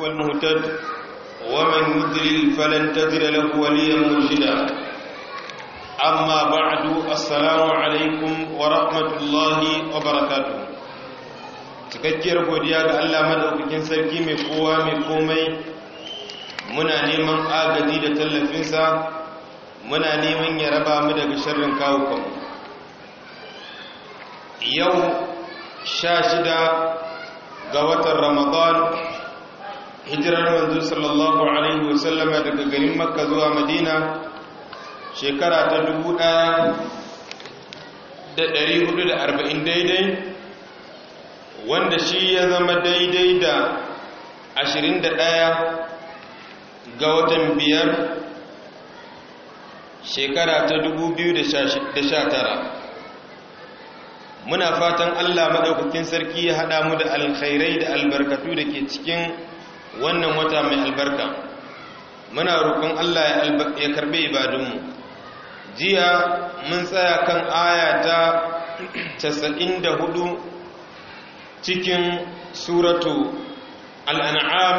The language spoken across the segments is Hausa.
هو المهتد ومن يدلل فلن Amma له وليا مرشدا أما بعد السلام عليكم ورحمة الله وبركاته cikakkiyar godiya ga Allah madaukakin sarki mai kowa mai komai muna neman agaji da tallafinsa muna neman ya raba mu daga shirin kawukan yau sha shida ga watan ramadan hijirar manzo sallallahu alaihi wasallama daga garin makka zuwa madina shekara ta 1440 daidai wanda shi ya zama daidai da 21 ga watan biyar shekara ta 2019 muna fatan allah maɗaukakin sarki ya haɗa mu da alkhairai da albarkatu da ke cikin wannan wata mai albarka muna roƙon Allah ya karbe ibadunmu jiya mun tsaya kan aya ta 94 cikin suratu al'an'am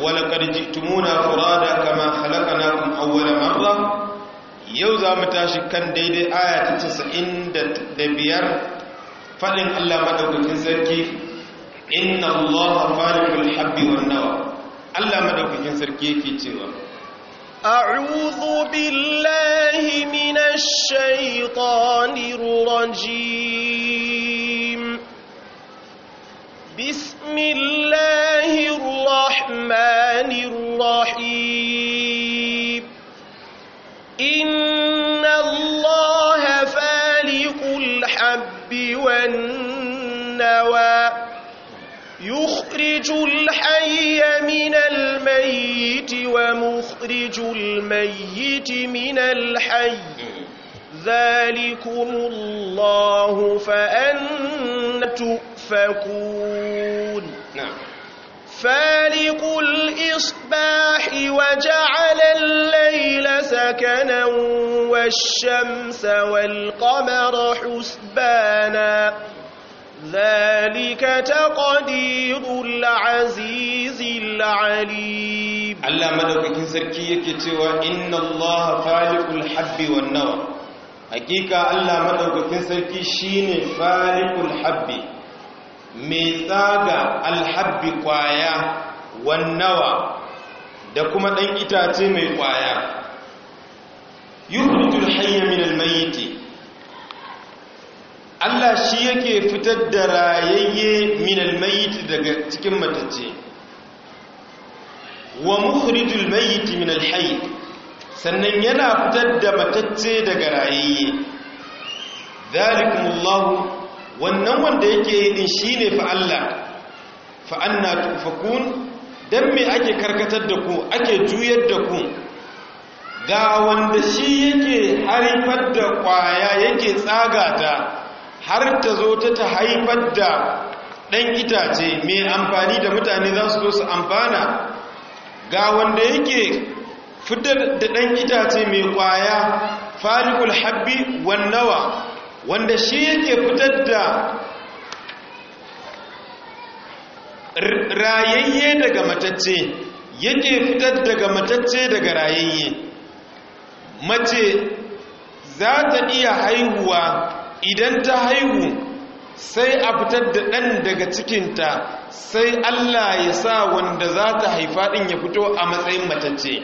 ƙarji tumuna furada kama halakanakum awwala marla yau za mu tashi kan daidai aya ta 95 faɗin Allah maɗaukacin sarki inna allaha falikul habbi wan nawa Allah madaukakin sarki yake cewa a'udhu billahi minash shaitanir rajim bismillahir rahmanir rahim inna allaha falikul habbi wan مخرج الحي من الميت ومخرج الميت من الحي ذلكم الله فأنا تؤفكون نعم فالق الإصباح وجعل الليل سكنا والشمس والقمر حسبانا ذلك تقدير العزيز العليم الله مدوكين سركي yake cewa inna allaha faliqul habbi wan nawa hakika Allah madaukakin sarki shine faliqul habbi mai tsaga alhabbi kwaya wan nawa da kuma dan itace mai kwaya yukhrijul hayya min almayyit Allah shi yake fitar da rayayye minal mayyit daga cikin matacce wa mukhrijul mayyit minal hayy sannan yana fitar da matacce daga rayayye zalikumullahu wannan wanda yake yi din shine fa Allah fa anna tufakun dan me ake karkatar da ku ake juyar da ku ga wanda shi yake harifar da kwaya yake tsagata har ta zo ta ta haifar da ɗan itace mai amfani da mutane za su zo su amfana ga wanda yake fitar da ɗan itace mai ƙwaya falikul habbi wannawa wanda shi yake fitar da rayayye daga matacce yake fitar daga matacce daga rayayye mace za ta iya haihuwa idan ta haihu sai a fitar da ɗan daga cikinta sai Allah ya sa wanda za ta haifa ɗin ya fito a matsayin matacce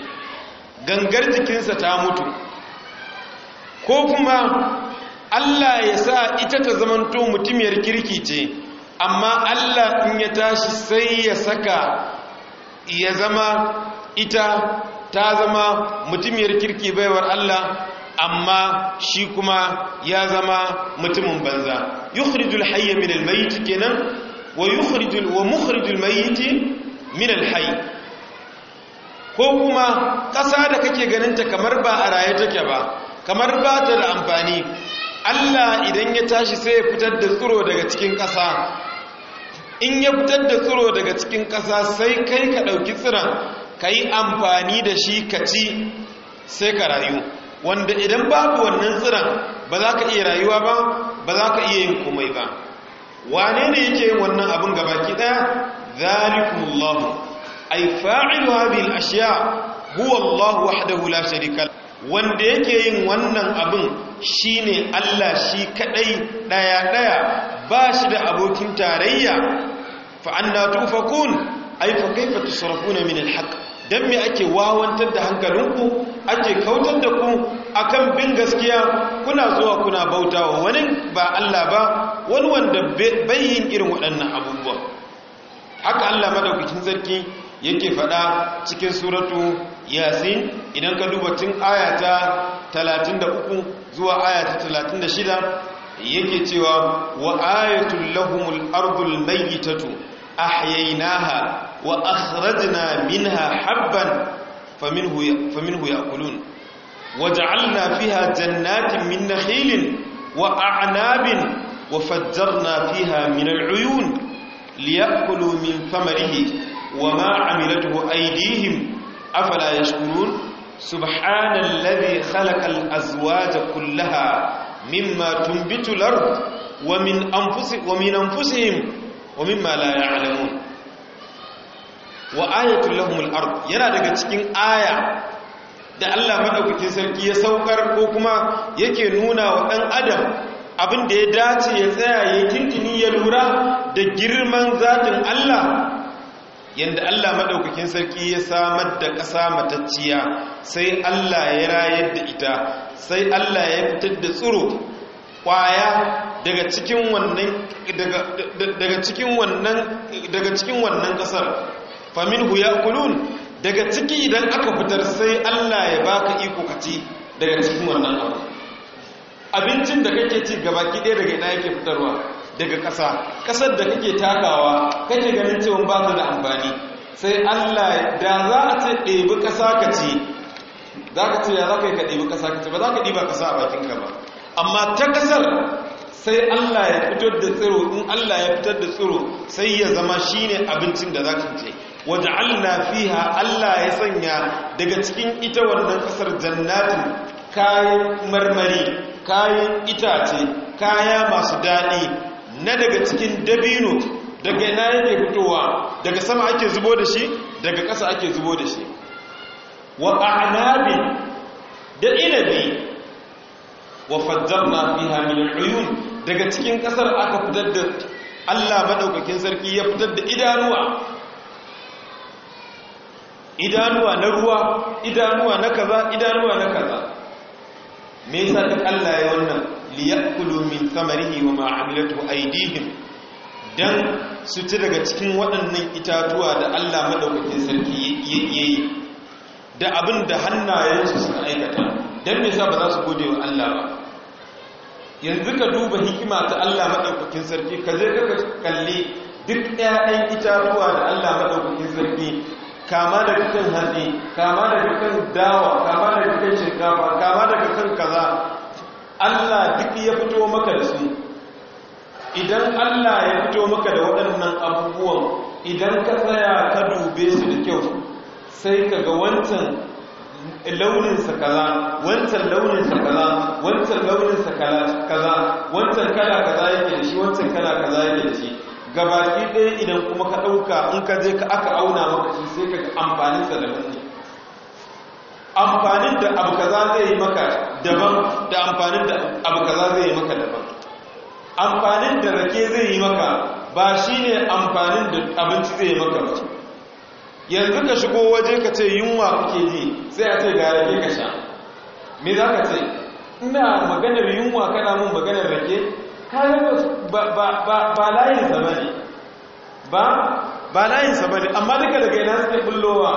gangar jikinsa ta mutu ko kuma Allah ya sa ita ta zamanto mutumiyar kirki ce amma Allah in ya tashi sai ya saka ya zama ita ta zama mutumiyar kirki baiwar Allah amma shi kuma ya zama mutumin banza yukhrijul hayya min almayyit kenan wa yukhrijul wa mukhrijul mayyit min alhayy ko kuma ƙasa da kake ganin ta kamar ba a raye take ba kamar ba ta da amfani Allah idan ya tashi sai ya fitar da tsiro daga cikin ƙasa in ya fitar da tsiro daga cikin ƙasa sai kai ka ɗauki tsiran ka amfani da shi ka ci sai ka rayu wanda idan babu wannan tsiran ba za ka iya rayuwa ba ba za ka iya yin komai ba wane ne yake yin wannan abin gabaki daya zalikumullahu ay fa'ilu hadhihi al-ashya huwa Allah wahdahu la sharika wanda yake yin wannan abin shine Allah shi kadai daya daya ba shi da abokin tarayya fa anna tufakun ay fa kayfa tusrafuna min al-haqq don me ake wawantar da hankalinku ake kautar da ku akan bin gaskiya kuna zuwa kuna bauta wa wani ba Allah ba wani wanda bai irin waɗannan abubuwa haka Allah madaukakin sarki yake faɗa cikin suratu yasin idan ka duba tun ayata 33 zuwa ayata 36 yake cewa wa ayatul lahumul ardul mayyitatu ahyaynaha وأخرجنا منها حبا فمنه, فمنه يأكلون وجعلنا فيها جنات من نخيل وأعناب وفجرنا فيها من العيون ليأكلوا من ثمره وما عملته أيديهم أفلا يشكرون سبحان الذي خلق الأزواج كلها مما تنبت الأرض ومن, أنفسهم ومما لا يعلمون wa ayatul lahumul ard yana daga cikin aya da Allah madaukakin sarki ya saukar ko kuma yake nuna wa dan adam abin da ya dace ya tsaya ya tintini ya lura da girman zatin Allah yanda Allah madaukakin sarki ya samar da ƙasa matacciya sai Allah ya rayar da ita sai Allah ya fitar da tsiro kwaya daga cikin wannan daga cikin wannan daga cikin wannan kasar huya kulun daga ciki idan aka fitar sai Allah ya baka iko kaci daga cikin wannan abu abincin da kake ci gaba ɗaya daga ina yake fitarwa daga ƙasa ƙasar da kake takawa kake ganin cewa ba ta da amfani sai Allah da za a ce ɗebi ƙasa ka ci za ka ce ya za ka yi ka ɗebi ƙasa ka ci ba za ka ɗiba ƙasa a bakinka ba amma ta ƙasar sai Allah ya fitar da tsiro in Allah ya fitar da tsiro sai ya zama shine abincin da za ka ce waj'alna fiha Allah ya sanya daga cikin ita wannan kasar jannatin kayan marmari kayan itace kaya masu daɗi na daga cikin dabino daga ina yake fitowa daga sama ake zubo da shi daga ƙasa ake zubo da shi wa a'nabi da inabi wa fajjarna fiha min al'uyun daga cikin ƙasar aka fitar da Allah madaukakin sarki ya fitar da idanuwa idanuwa na ruwa idanuwa na kaza idanuwa na kaza me yasa duk Allah ya wannan yakulu min thamarihi wa ma amilatu aydihim dan su ci daga cikin waɗannan itatuwa da Allah madaukakin sarki yi da abin da hannayensu suka aikata dan me yasa ba za su gode wa Allah ba yanzu ka duba hikima ta Allah madaukakin sarki ka je ka kalli duk ɗayan itatuwa da Allah madaukakin sarki kama da dukkan hatsi kama da dukkan dawa kama da dukkan shinkafa kama da dukkan kaza Allah duk ya fito maka da su idan Allah ya fito maka da waɗannan abubuwan idan ka tsaya ka dube su da kyau sai ka ga wancan launin sa kaza wancan launin sa kaza wancan launin sa kaza wancan kala kaza yake da shi wancan kala kaza yake da shi gabaki ɗaya idan kuma ka ɗauka in ka je ka aka auna maka shi sai ka ga amfanin sa daban ne amfanin da abu kaza zai yi maka daban da amfanin da abu kaza zai yi maka daban amfanin da rake zai yi maka ba shine amfanin da abinci zai yi maka ba yanzu ka shigo waje ka ce yunwa kuke ji sai a ce ga rake ka sha me za ka ce ina maganar yunwa kana mun maganar rake kayan wasu ba layinsa ba ne amma duka daga ina suke bullowa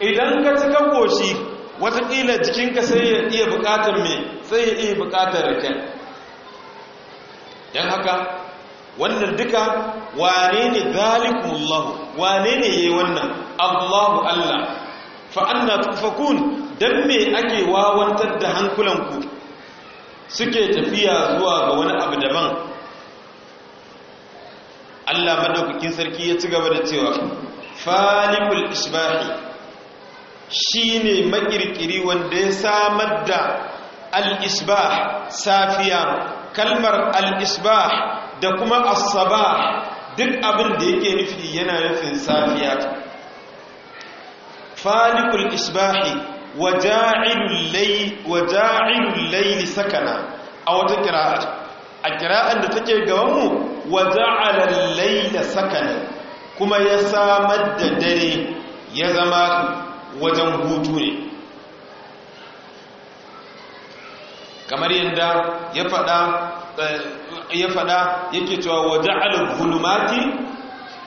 idan ka kan koshi watakila jikinka sai ya iya bukatar mai sai ya iya bukatar rikin yan haka wannan duka wane ne Allahu, wane ne ya yi wannan allahu allah Fa'an na tufakun dan me ake wawantar da hankulanku suke tafiya zuwa ga wani abu daban Allah madaukakin sarki ya ci gaba da cewa falikul isbahi shine makirkiri wanda ya samar da al-isbah safiya kalmar al-isbah da kuma as-sabah duk abin da yake nufi yana nufin safiya falikul isbahi waja'ilul layli sakana a wata kira'a a kira'an da take gaban mu wa ja'ala al-layla sakana kuma ya samar da dare ya zama wajen hutu ne kamar yadda ya fada eh, ya fada yake cewa wa ja'ala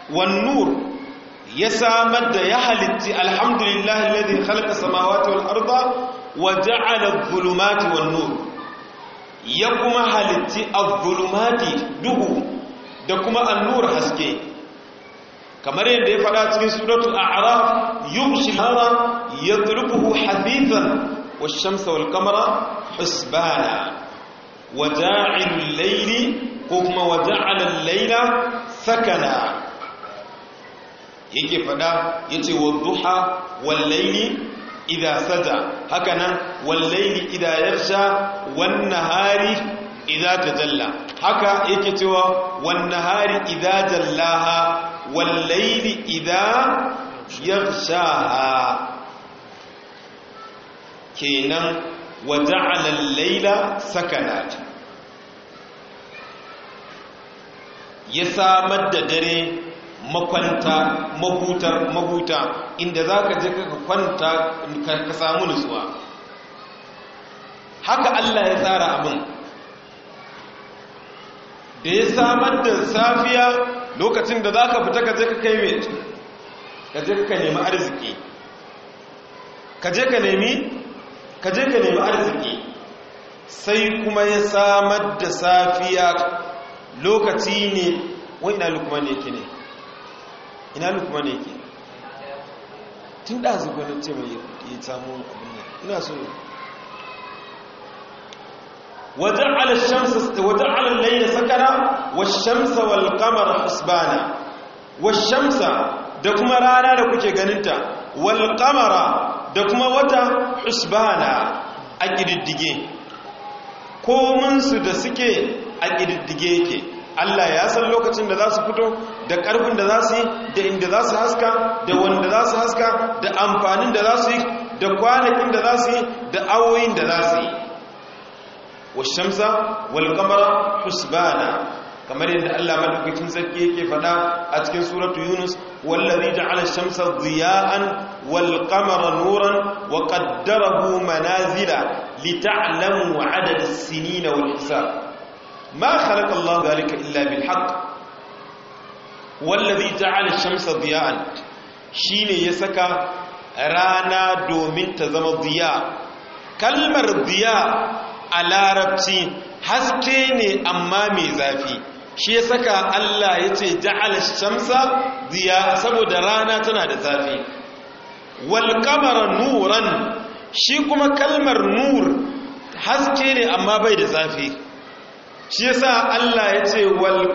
wan-nur ya samar da ya halitti alhamdulillahi alladhi khalaqa samawati wal arda wa ja'ala adh wan-nur ya kuma halitti adh-dhulumati duhu da kuma annur haske kamar yadda ya faɗa cikin suratul a'raf yumshi hara yadrubuhu hafifan wash-shamsa wal-qamara husbana waja'il al-layli ko kuma waja'al al-layla sakana yake faɗa yace wadh-duha wal-layli idha sada hakanan wal-layli idha yaghsha wan-nahari idha tajalla haka yake cewa hari idajen laha, jallaha wal idan ya shaha. kenan waje alallaila al-layla ya samar da dare makwanta mahutar mahuta inda za ka je ka kwanta ka samu nutsuwa haka Allah ya tsara abin da ya samar da safiya lokacin da za ka fita ka je ka kai ka je ka nemi arziki ka je ka nemi ka je ka nemi arziki sai kuma ya samar da safiya lokaci ne wai ina lukman yake ne ina lukman yake tun ɗazu gwanin ce mai ya samu abin nan ina so وجعل الشمس وجعل الليل سكنا والشمس والقمر حسبانا والشمس da kuma rana da kuke ganinta wal qamara da kuma wata husbana a kididdige komin su da suke a kididdige yake Allah ya san lokacin da za su fito da ƙarfin da za su yi da inda za su haska da wanda za su haska da amfanin da za su yi da kwanakin da za su yi da awoyin da za su yi washamsa wal qamara husbana kamar yadda Allah madaukakin sarki yake faɗa a cikin suratu Yunus wallazi ja'ala ash-shamsa dhiya'an wal qamara nuran wa qaddarahu manazila lita'lamu 'adad as-sinin wal hisab ma khalaqa Allah dhalika illa bil haqq wallazi ja'ala ash-shamsa dhiya'an shine ya saka rana domin ta zama dhiya kalmar biya. a larabci haske ne amma mai zafi shi ya saka Allah ya ce ja'ala shamsa ziya saboda rana tana da zafi wal qamara nuran shi kuma kalmar nur haske ne amma bai da zafi shi ya sa Allah ya ce wal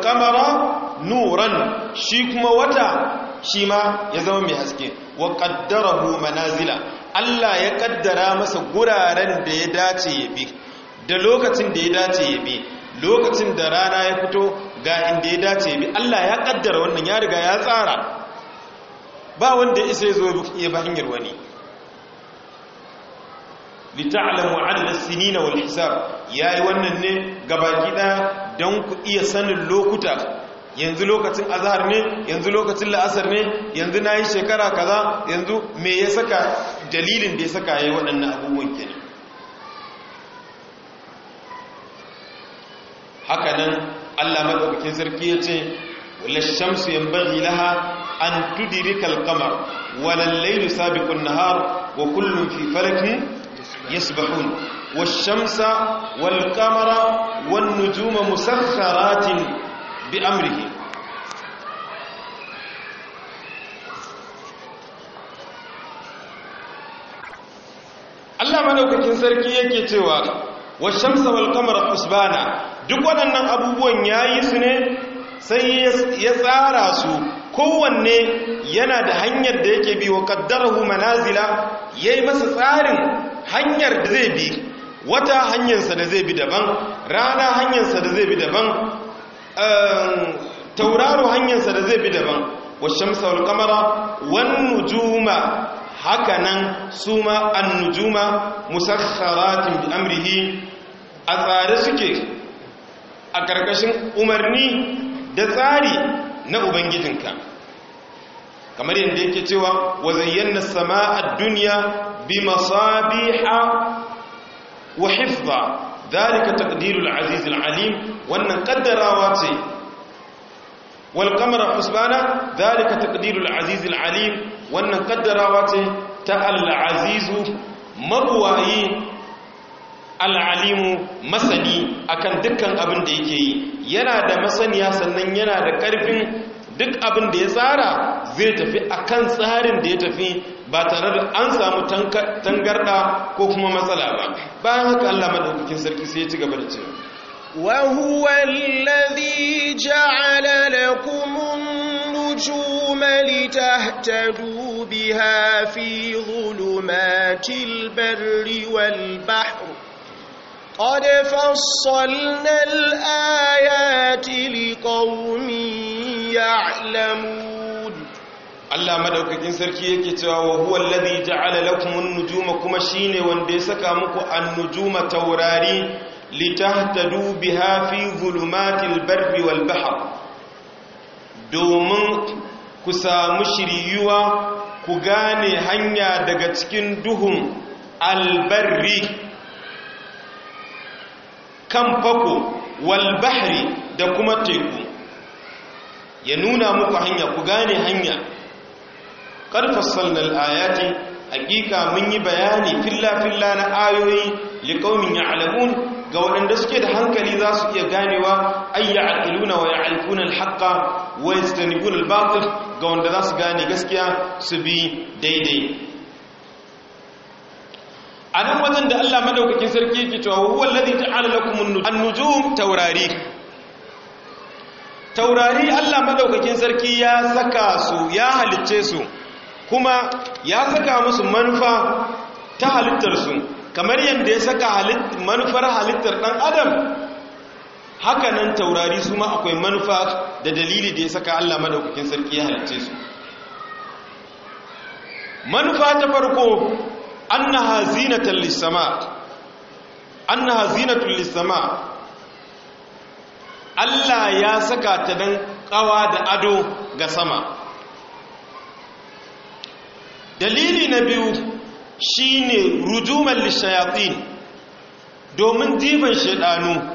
nuran shi kuma wata shi ma ya zama mai haske wa qaddarahu manazila Allah ya kaddara masa guraren da ya dace ya bi da lokacin da ya dace ya bi lokacin da rana ya fito ga inda ya dace ya bi Allah ya kaddara wannan ya riga ya tsara ba wanda isa ya zo ya ba hanyar wani ta'lamu adad as-sinina wal hisab yayi wannan ne gabaki gida don ku iya sanin lokuta yanzu lokacin azhar ne yanzu lokacin la'asar ne yanzu nayi shekara kaza yanzu me ya saka dalilin da ya saka yayi waɗannan abubuwan kenan haka nan Allah madaukakin sarki ya ce wala shamsu yanbaghi laha an tudrika rikal kamar, wala al-laylu kun an-nahar wa kullum fi falakin yasbahun Wa shamsa wal-qamara wan-nujuma musakhkharatin bi amrihi Allah madaukakin sarki yake cewa wa shamsa wal-qamara husbana duk waɗannan abubuwan ya yi su ne sai ya tsara su kowanne yana da hanyar da yake bi wa kaddarahu manazila ya yi masa tsarin hanyar da zai bi wata hanyarsa da zai bi daban rana hanyarsa da zai bi daban um, tauraro hanyarsa da zai bi daban washen saul kamara wani haka hakanan su ma an juma musakharatin amrihi a tsare suke a ƙarƙashin umarni da tsari na ubangijinka kamar yadda yake cewa wazayyanna sama'ar duniya bi masabiha wa hifza dalika taqdirul aziz alim wannan kaddarawa ce wal qamara husbana dalika taqdirul aziz alim wannan kaddarawa ce ta al aziz mabwayi al'alimu masani akan dukkan abin da yake yi yana da masaniya sannan yana da ƙarfin duk abin da ya tsara zai tafi akan tsarin da ya tafi ba tare da an samu tangarda ko kuma matsala ba bayan haka Allah madaukakin sarki sai ya ci gaba da cewa wa huwa allazi ja'ala lakum an قد فصلنا الآيات لقوم يعلمون Allah madaukakin sarki yake cewa wa huwa alladhi ja'ala lakum an-nujuma kuma shine wanda ya saka muku an-nujuma taurari litahtadu biha fi zulumatil barri wal domin ku samu shiriyuwa ku gane hanya daga cikin duhun albarri kan fako wal da kuma teku ya nuna muku hanya ku gane hanya karfasal ayati hakika mun yi bayani filla-filla na ayoyi liƙaumin ya ga waɗanda suke da hankali za su iya ganewa ayya aqiluna wa ya alkunan haƙa wa istanibun al ga wanda za su gane gaskiya su bi daidai a nan wajen da Allah madaukakin sarki yake cewa huwa ladhi ta'ala lakum an-nujum taurari taurari Allah madaukakin sarki ya saka su ya halicce su kuma ya saka musu manufa ta halittar su kamar yadda ya saka manufar halittar dan adam haka nan taurari su ma akwai manufa da dalili da ya saka Allah madaukakin sarki ya halicce su manufa ta farko annaha zinatan lis-sama' annaha Allah ya saka ta dan ƙawa da ado ga sama dalili na biyu shine rujuman lishayatin domin diban shaidanu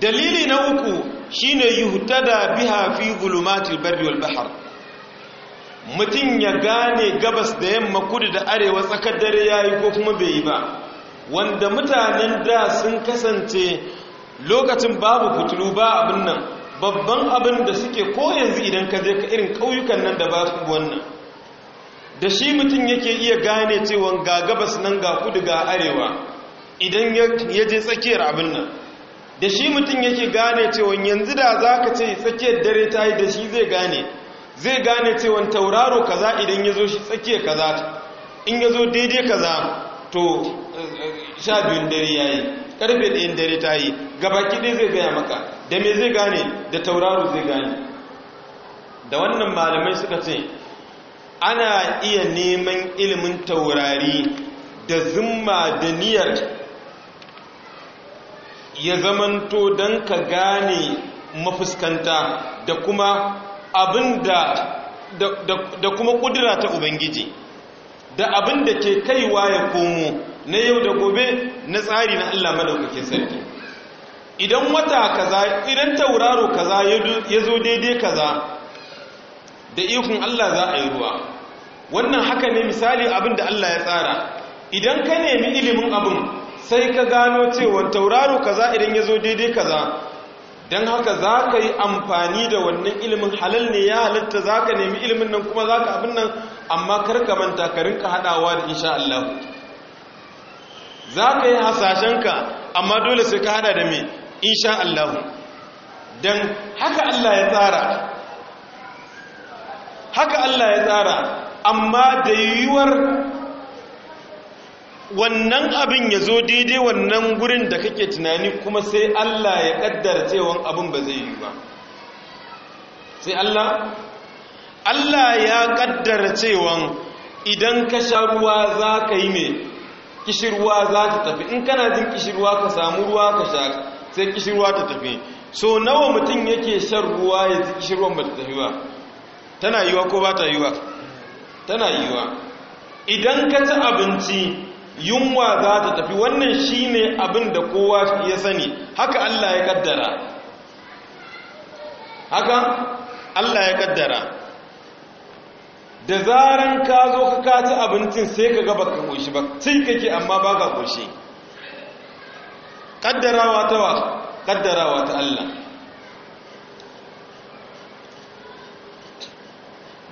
dalili na uku shine yuhtada biha fi zulumatil barri wal bahr mutum ya gane gabas da yamma kudu da arewa tsakar dare ya yi ko kuma bai yi ba wanda mutanen da sun kasance lokacin babu fitilu ba abin nan babban abin da suke ko yanzu idan ka je ka irin ƙauyukan nan da ba su wannan da shi mutum yake iya gane cewa ga gabas nan ga kudu ga arewa idan ya je tsakiyar abin nan da shi mutum yake gane cewa yanzu da za ka ce tsakiyar dare ta yi da shi zai gane zai gane cewa tauraro kaza idan ya zo shi tsakiya kaza in ya zo daidai kaza to eh, sha biyun dare ya yi karfe ɗayan dare ta yi gabaki ɗaya zai gaya maka da me zai gane da tauraro zai gane da wannan malamai suka ce ana iya neman ilimin taurari da zumma da niyar ya zamanto don ka gane mafuskanta da kuma abin da da kuma kudura ta ubangiji da abin da ke kaiwa ya komo na yau da gobe na tsari na Allah madaukakin sarki idan wata kaza idan tauraro kaza ya zo daidai kaza da ikon Allah za a yi ruwa wannan haka ne misali abin da Allah ya tsara idan ka nemi ilimin abin sai ka gano cewa tauraro kaza idan ya zo daidai kaza don haka za ka yi amfani da wannan ilimin halal ne ya halatta za ka nemi ilimin nan kuma za ka abin nan amma karka manta ka haɗawa da insha Allah za ka yi hasashenka amma dole sai ka haɗa da mai insha Allah don haka Allah ya tsara haka Allah ya tsara amma da yiwuwar wannan abin ya zo daidai wannan gurin da kake tunani kuma sai Allah ya kaddara cewa abin ba zai yi ba sai Allah Allah ya kaddara cewa idan ka sha ruwa za ka yi mai kishirwa za ta tafi in kana jin kishirwa ka samu ruwa ka sha sai kishirwa ta tafi so nawa mutum yake shan ruwa ya ji kishirwan ba ta tafi ba tana yiwa ko ba ta yiwa tana yiwa idan ka ci abinci yunwa za ta tafi wannan shine abin da kowa ya sani haka Allah ya kaddara haka Allah ya kaddara da zaran ka zo ka kaci abincin sai ka gaba ka koshi ba cin kake amma ba ka koshi kaddarawa ta wa kaddarawa ta Allah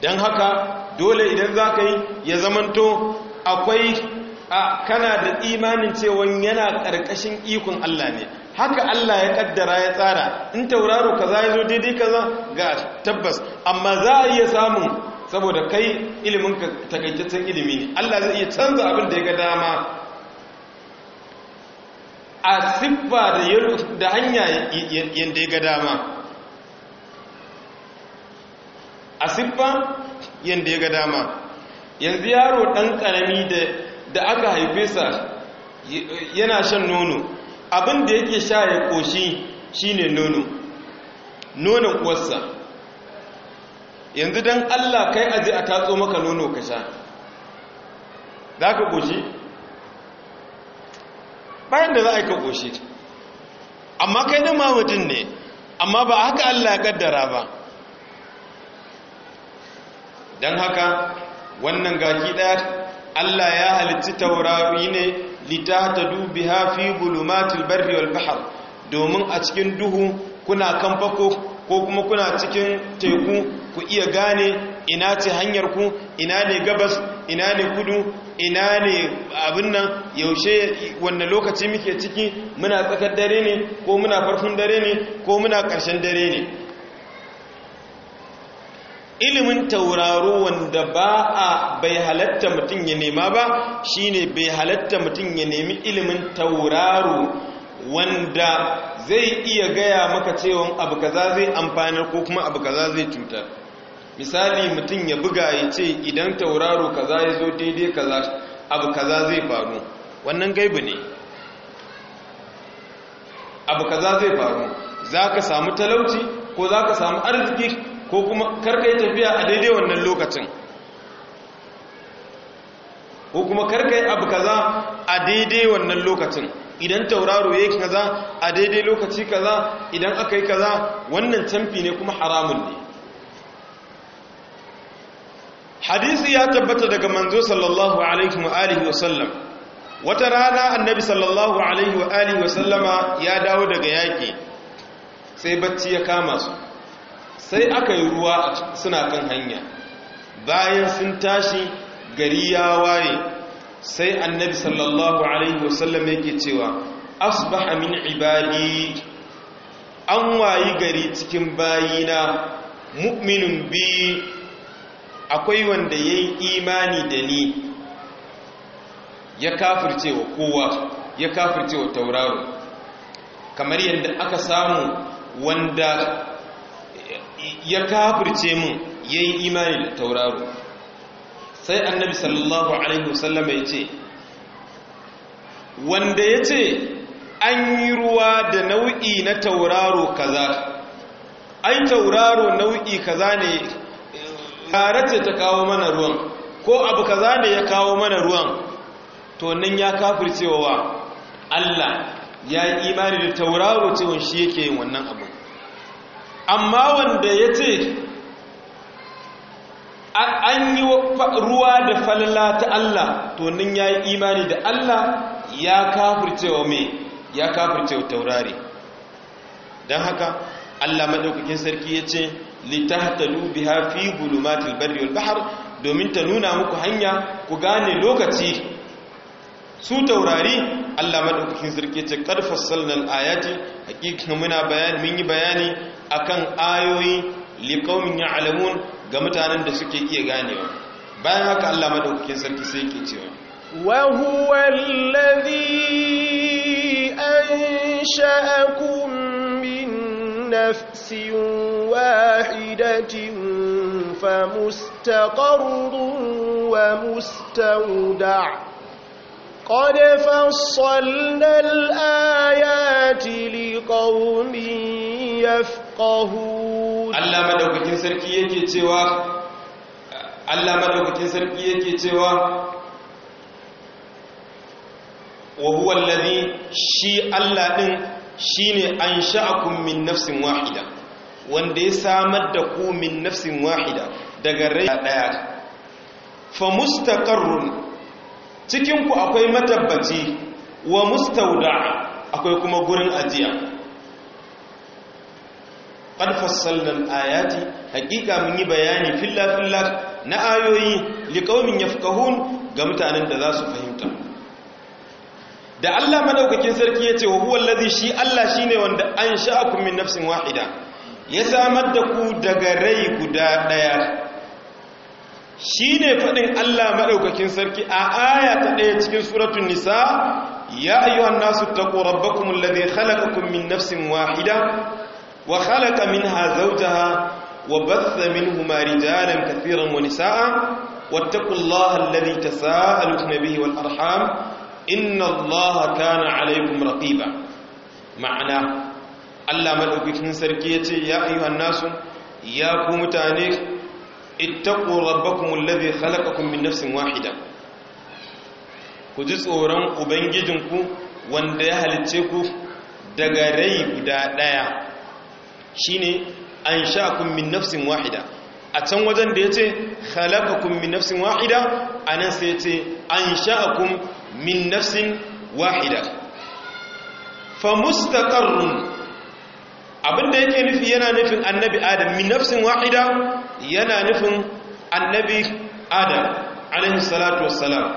don haka dole idan za ka yi ya zamanto akwai a kana da imanin cewa yana ƙarƙashin ikon Allah ne haka Allah ya ƙaddara ya tsara in tauraro kaza ya zo daidai kaza ga tabbas amma za a iya samun saboda kai iliminka takaitaccen ilimi ne Allah zai iya canza abin da ya ga dama a siffa da hanya yadda ya ga dama a siffa yadda ya ga dama yanzu yaro ɗan ƙarami da da aka haife sa yana shan nono abin da yake sha ya koshi shine nono nonon uwarsa yanzu don allah kai aji a tatso maka nono ka sha za ka koshi bayan da za a yi ka koshi amma kai na mamudin ne amma ba haka allah ya kaddara ba don haka wannan gaki ɗaya Allah ya halicci taurari ne ta dubi hafi bulumatul barri wal bahr domin a cikin duhu kuna kan ko kuma kuna cikin teku ku iya gane ina ce hanyar ku ina ne gabas ina ne kudu ina ne abin nan yaushe wannan lokaci muke ciki muna tsakar dare ne ko muna farkon dare ne ko muna ƙarshen dare ne ilimin tauraro wanda ba a bai halatta mutum ya nema ba shine bai halatta mutum ya nemi ilimin tauraro wanda zai iya gaya maka cewa abu kaza zai amfani ko kuma abu kaza zai cutar misali mutum ya buga ya ce idan tauraro kaza ya zo daidai kaza abu kaza zai faru wannan gaibu ne abu kaza zai faru za ka samu talauci ko za ka samu arziki ko kuma karka yi tafiya a daidai wannan lokacin ko kuma karka yi abu kaza a daidai wannan lokacin idan tauraro ya yi kaza a daidai lokaci kaza idan aka yi kaza wannan canfi ne kuma haramun ne hadisi ya tabbata daga manzo sallallahu alaihi wa alihi wasallam wata rana annabi sallallahu alaihi wa alihi wasallama ya dawo daga yaƙi sai bacci ya kama su sai aka yi ruwa a suna kan hanya bayan sun tashi gari ya waye sai annabi sallallahu alaihi wasallam yake cewa asbaha min ibadi an wayi gari cikin bayina mu'minun bi akwai wanda ya yi imani da ni ya kafirce wa kowa ya kafirce wa tauraro kamar yadda aka samu wanda ya kafirce min yayi imani da tauraro sai annabi sallallahu alaihi wasallam ya ce wanda ya ce an yi ruwa da nau'i na tauraro kaza ai tauraro nau'i kaza ne tare ce ta kawo mana ruwan ko abu kaza ne ya kawo mana ruwan to nan ya kafircewa Allah ya yi imani da tauraro cewa shi yake yin wannan abu amma wanda ya ce an yi ruwa da falala ta Allah to nin ya yi imani da Allah ya kafircewa mai ya kafircewa taurari don haka Allah maɗaukakin sarki ya ce litahtadu biha fi gulumatil barri wal domin ta nuna muku hanya ku gane lokaci su taurari Allah maɗaukakin sarki ya ce kad fassalnal ayati hakikin muna bayani mun yi bayani akan ayoyi liqaumin ya'lamun ga mutanen da suke iya ganewa bayan haka Allah madaukakin sarki sai yake cewa wa huwa alladhi ansha'akum min nafsin wahidatin famustaqarrun wa mustawda' قَدْ فَصَّلْنَا الْآيَاتِ لِقَوْمٍ الطاهوت الله مدوكين سركي yake cewa Allah madaukakin sarki yake cewa wa huwa alladhi shi Allah din shine ansha'akum min nafsin wahida wanda ya samar da ku min nafsin wahida daga rai daya fa mustaqarrun cikin ku akwai matabbaci wa mustawda akwai kuma gurin ajiya qad fassalna al-ayati haqiqa mun yi bayani filla filla na ayoyi liqaumin yafqahun ga mutanen da za su fahimta da Allah madaukakin sarki yace wa huwa allazi shi Allah shine wanda an ansha'akum min nafsin wahida ya samar da ku daga rai guda daya shine fadin Allah madaukakin sarki a aya ta daya cikin suratul nisa ya ayyuhan nasu taqu rabbakum allazi khalaqakum min nafsin wahida وخلق منها زوجها وبث منهما رجالا كثيرا ونساء واتقوا الله الذي تساءلون به والأرحام إن الله كان عليكم رقيبا معنى Allah madaukakin sarki yace ya ayyuhan nasu ya ku mutane ittaqu rabbakum alladhi khalaqakum min nafsin wahida ku ji tsoron ubangijinku wanda ya halicce ku daga rai guda daya shine kun min nafsin wahida a can wajen da yace khalaqakum min nafsin wahida anan sai yace kun min nafsin wahida fa mustaqarrun abinda yake nufi yana nufin annabi adam min nafsin wahida yana nufin annabi adam alaihi salatu wassalam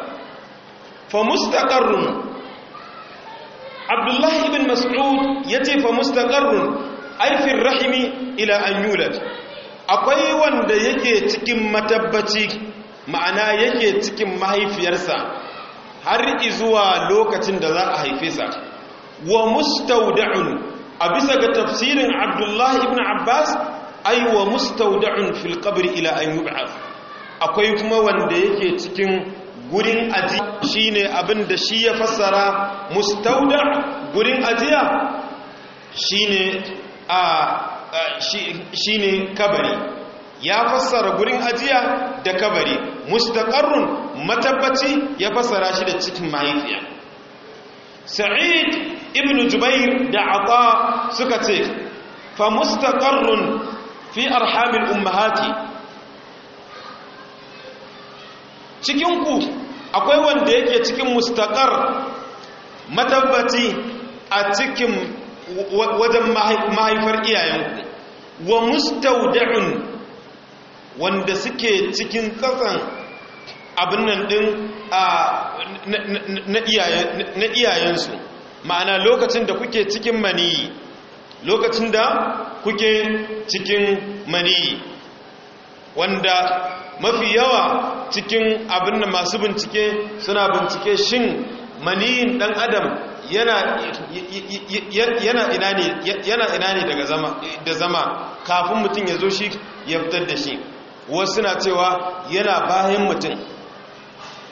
fa mustaqarrun abdullahi ibn mas'ud ya ce fa mustaqarrun aifin rahimi ila an yulat akwai wanda yake cikin matabbaci ma'ana yake cikin mahaifiyarsa har izuwa lokacin da za a haife sa wa mustawda'un a bisa ga tafsirin abdullahi ibn abbas ai wa mustawda'un fil qabr ila an yub'ath akwai kuma wanda yake cikin gurin aji shine abin da shi ya fassara mustauda gurin ajiya shine a shi ne kabari ya fassara gurin ajiya da kabari mustaqarrun matabbaci ya fassara shi da cikin mahaifiya sa'id ibn jubair da ata suka ce fa mustaqarrun fi arhamin ummahati cikin ku akwai wanda yake cikin mustaqar matabbaci a cikin wajen mahaifar iyayenku wa mustaudi'un wanda suke cikin kasan abin nan din na iyayensu ma'ana lokacin da kuke cikin maniyi lokacin da kuke cikin maniyi wanda mafi yawa cikin abin da masu bincike suna bincike shin maniyin dan adam yana ina ne da zama kafin mutum ya zo shi ya fitar da shi wasu na cewa yana bayan mutum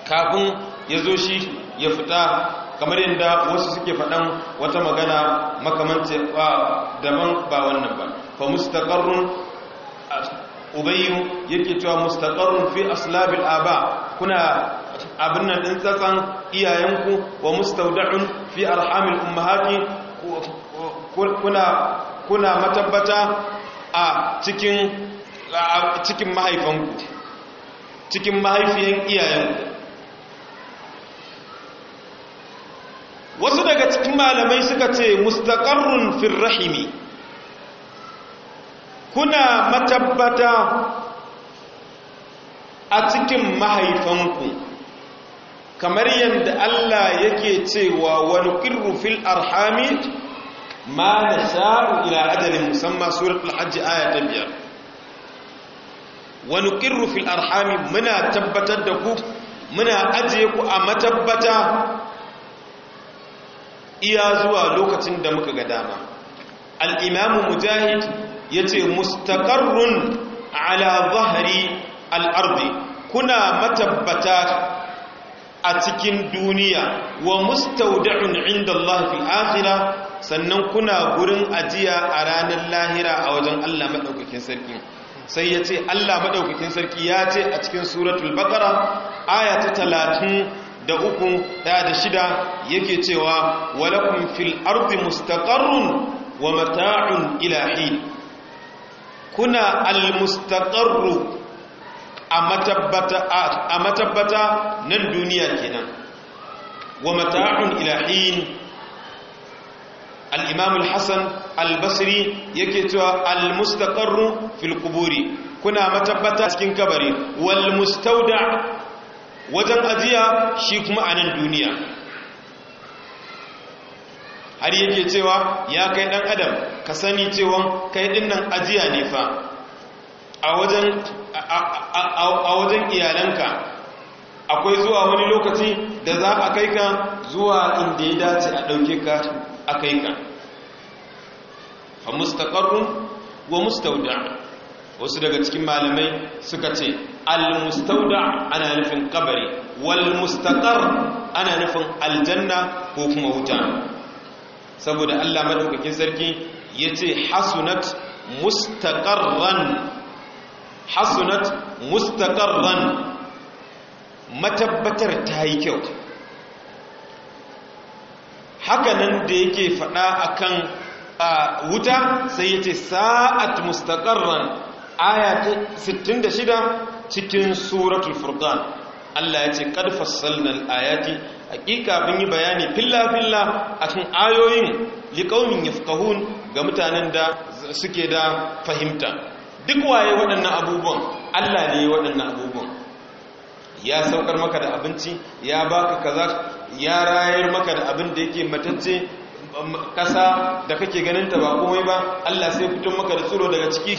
kafin ya zo shi ya fita kamar yadda wasu suke faɗan wata magana makamanci daban ba wannan ba fa mustaqarrun ubayyu yake cewa mustaqarrun fi aslabil aba kuna abin nan din tsatsan iyayenku wa mustaudaun fi arhamil ummahati kuna kuna matabbata a cikin cikin mahaifanku cikin mahaifiyan iyayenku wasu daga cikin malamai suka ce mustaqarrun fil rahimi kuna matabbata a cikin mahaifanku kamar yadda Allah yake cewa wani ƙirru fil arhami ma na sha'u ila adalin musamman suratul hajji aya ta biyar wani ƙirru fil arhami muna tabbatar da ku muna ajiye ku a matabbata iya zuwa lokacin da muka ga dama al'imamu mujahid ya ce mustaƙarrun ala zahari al'arbi kuna matabbata a cikin duniya wa mustaudaun inda Allah fi akhira sannan kuna gurin ajiya a ranar lahira a wajen Allah madaukakin sarki sai ya ce Allah madaukakin sarki ya ce a cikin suratul baqara aya ta 30 da uku da shida yake cewa walakum fil ardi mustaqarrun wa mata'un ila kuna al mustaqarru a matabbata nan duniya kenan wa mata'un ilahin al-imam al Hassan al-basri yake cewa al mustaƙarru fil kuna matabbata cikin kabari wal mustauda wajen ajiya shi kuma a nan duniya har yake cewa ya kai ɗan adam ka sani cewa kai ɗinnan ajiya ne fa a wajen iyalanka akwai zuwa wani lokaci da za a kai ka zuwa inda ya dace a ɗauke ka a kai ka fa mustaƙarru wa mustauda wasu daga cikin malamai suka ce al-mustauda ana nufin kabari wal-mustaƙar ana nufin aljanna ko kuma wuta saboda allah maɗaukakin sarki ya ce hasunat mustaƙarran hasunat mustaqarran matabbatar ta yi kyau Haka nan da yake faɗa akan wuta sai yace sa'at mustaqarran aya ta 66 cikin suratul furqan Allah ya ce kad ayati hakika bin yi bayani filla filla a akan ayoyin liqaumin yafqahun ga mutanen da suke da fahimta duk waye waɗannan abubuwan Allah ne waɗannan abubuwan ya saukar maka da abinci ya baka kaza ya rayar maka da abin da yake matacce kasa um, da kake ganin ta ba komai ba Allah sai fito maka da tsoro daga ciki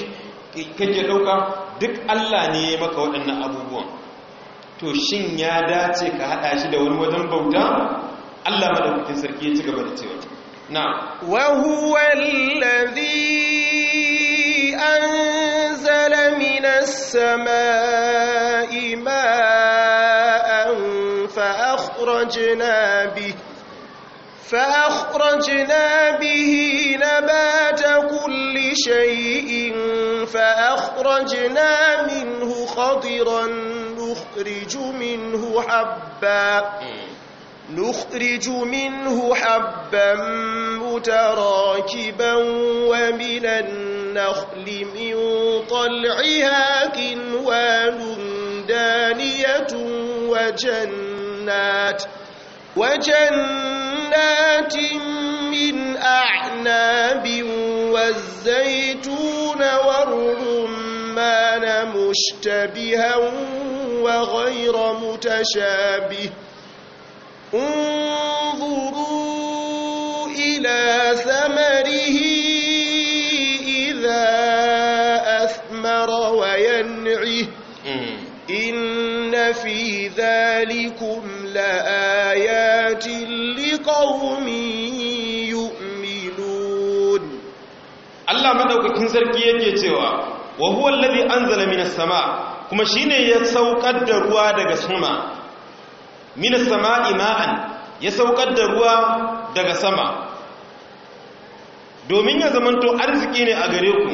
kake ɗauka duk Allah ne ya maka waɗannan abubuwan to shin ya dace ka haɗa shi da wani wajen bauta Allah madaukakin sarki ya ci gaba da cewa na wa huwa allazi السماء ماء فأخرجنا به فأخرجنا به نبات كل شيء فأخرجنا منه خضرا نخرج منه حبا نخرج منه حبا متراكبا ومن النخل من طلعها كنوان دانية وجنات وجنات من أعناب والزيتون والرمان مشتبها وغير متشابه انظروا إلى ثمره إذا أثمر وينعه إن في ذلكم لآيات لقوم يؤمنون الله مدوكين سركي yake cewa wa huwa alladhi anzala sama kuma shine ya saukar da ruwa daga sama minas sama'i ma'an ya saukar da ruwa daga sama domin ya zamanto arziki ne a gare ku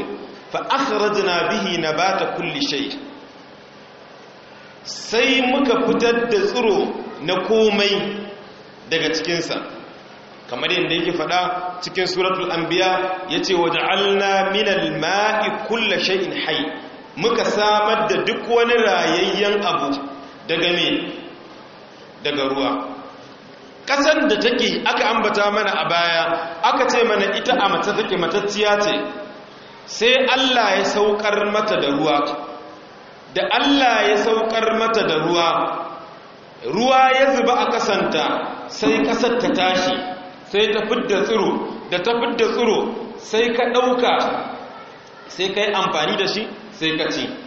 fa akhrajna bihi nabata kulli shai. sai muka fitar da tsiro na komai daga cikinsa kamar yadda yake fada cikin suratul anbiya yace waja'alna minal ma'i kulli shay'in hayy muka samar da duk wani rayayyen abu daga ne daga ruwa ƙasar da take aka ambata mana a baya aka ce mana ita a mace take matacciya ce sai Allah ya saukar mata da ruwa da Allah ya saukar mata da ruwa ruwa ya zuba a ƙasanta, sai ƙasar ta tashi sai ta fidda tsiro da ta fidda tsiro sai ka ɗauka sai ka yi amfani da shi sai ka ci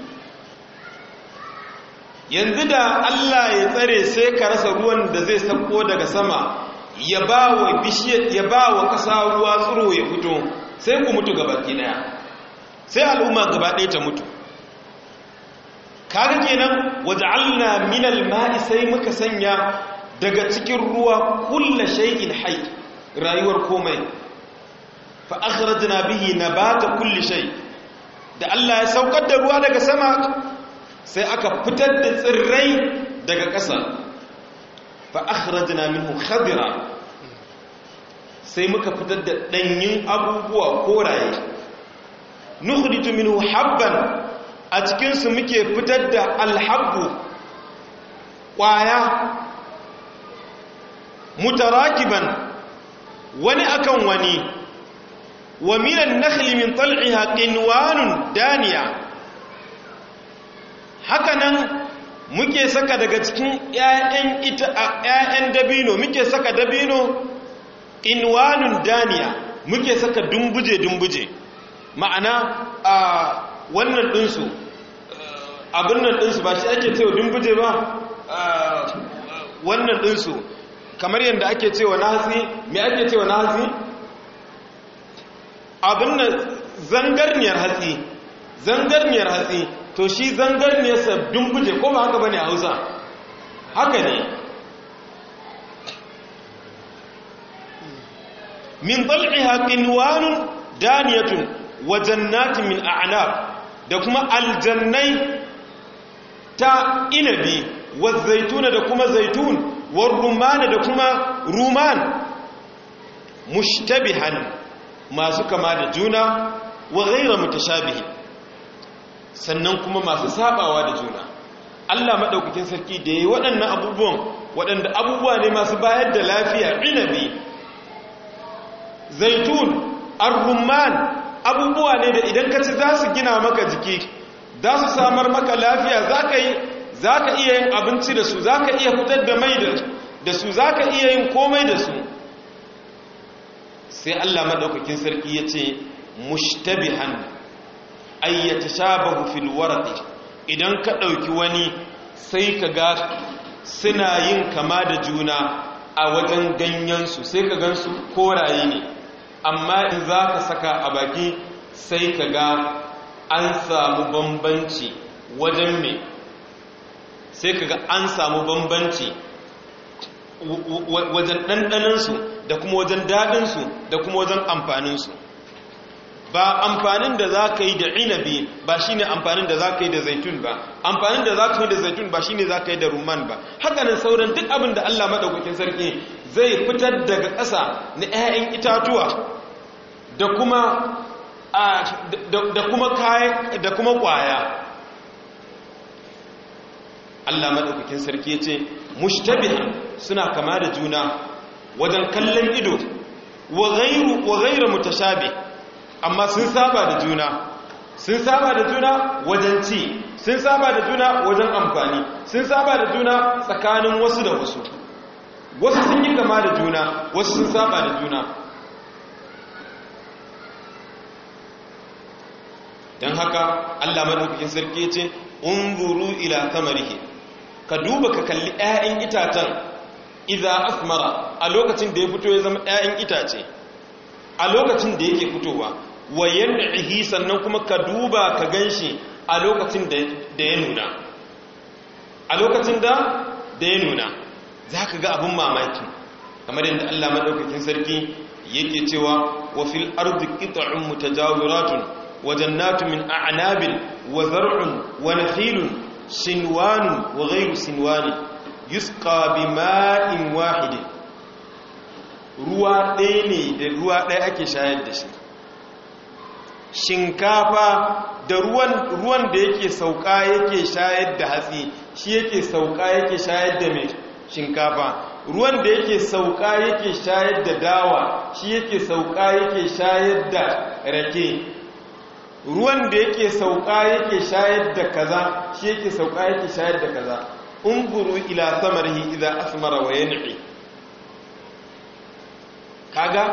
yanzu da Allah ya tsare sai ka rasa ruwan da zai sauko daga sama ya ba wa bishiyar ya ba wa ƙasa ruwa tsiro ya fito sai ku mutu gabaki daya sai al'umma gaba ɗaya ta mutu kaga kenan waja'alna al ma'i sai muka sanya daga cikin ruwa kullu shay'in hayy rayuwar komai fa akhrajna bihi nabata kulli shay da Allah ya saukar da ruwa daga sama sai aka fitar da tsirrai daga ƙasa fa akhrajna minhu khadira sai muka fitar da ɗanyin abubuwa koraye nukhriju minhu habban a cikinsu muke fitar da alhabbu ƙwaya mutarakiban wani akan wani wa minan nakhli min tal'iha qinwanun daniya Haka nan muke saka daga cikin ‘ya'yan ita a ‘ya'yan dabino muke saka dabino inwanun daniya muke saka dumbuje-dumbuje ma'ana a wannan ɗinsu abin nan ɗinsu ba shi ake cewa dumbuje ba wannan ɗinsu kamar yadda ake cewa na hatsi mai ake cewa na hatsi abin nan zangarniyar hatsi zangarniyar hatsi to shi zangarniyar sabbin guje ko ba haka bane a hausa haka ne min dal'iha qinwanun daniyatun wa jannatin min a'nab da kuma aljannai ta inabi wa zaituna da kuma zaitun wa rumana da kuma ruman mushtabihan masu kama da juna wa ghayra mutashabihi sannan kuma masu sabawa da juna Allah madaukakin sarki da yayi waɗannan abubuwan waɗanda abubuwa ne masu bayar da lafiya inabi zaitun arrumman abubuwa ne da idan ka ci za su gina maka jiki za su samar maka lafiya za ka yi za iya yin abinci da su za ka iya fitar da mai da su za ka iya yin komai da su sai allah maɗaukakin sarki ya ce mushtabihan Ayyata yatashabahu fil waraqi idan ka dauki wani sai ka ga suna yin kama da juna a wajen ganyensu sai ka gansu koraye ne amma in za ka saka a baki sai ka ga an samu bambanci wajen me sai ka ga an samu bambanci wajen ɗanɗaninsu da kuma wajen daɗinsu da kuma wajen amfaninsu ba amfanin da za ka yi da inabi ba shi ne amfanin da za ka yi da zaitun ba amfanin da za ka yi da zaitun ba shi ne za ka yi da ruman ba hakanan sauran duk abin da allah maɗaukakin sarki zai fitar daga ƙasa na 'ya'yan itatuwa da kuma kayan da kuma ƙwaya allah maɗaukakin sarki ya ce mushtabiha suna kama da juna wajen kallon ido wa gairu mutashabi amma sun saba da juna sun saba da juna wajen ci sun saba da juna wajen amfani sun saba da juna tsakanin wasu da wasu wasu sun yi kama da juna wasu sun saba da juna don haka allah maɗaukakin sarki ce un buru ila tamarihi ka duba ka kalli 'ya'yan itacen iza asmara a lokacin da ya fito ya zama 'ya'yan itace a lokacin da yake fitowa wa yan'ihi sannan kuma ka duba ka ganshi a lokacin da ya nuna a lokacin da da ya nuna za ka ga abin mamaki kamar yadda Allah maɗaukakin sarki yake cewa wa fil ita'un muta mutajawiratun wa jannatu min a'nabin wa zar'un wa nakhilun sinwani wa gairu sinwani yusqa bima'in wahidin ruwa ɗaya ne da ruwa ɗaya ake shayar da shi shinkafa da ruwan da yake sauka yake shayar da hatsi shi yake sauka yake shayar da mai shinkafa ruwan da yake sauka yake shayar da dawa shi yake sauka yake shayar da rake ruwan da yake sauka yake shayar da kaza shi yake sauka yake shayar da kaza umburu ila samarihi idza asmara wa yan'i kaga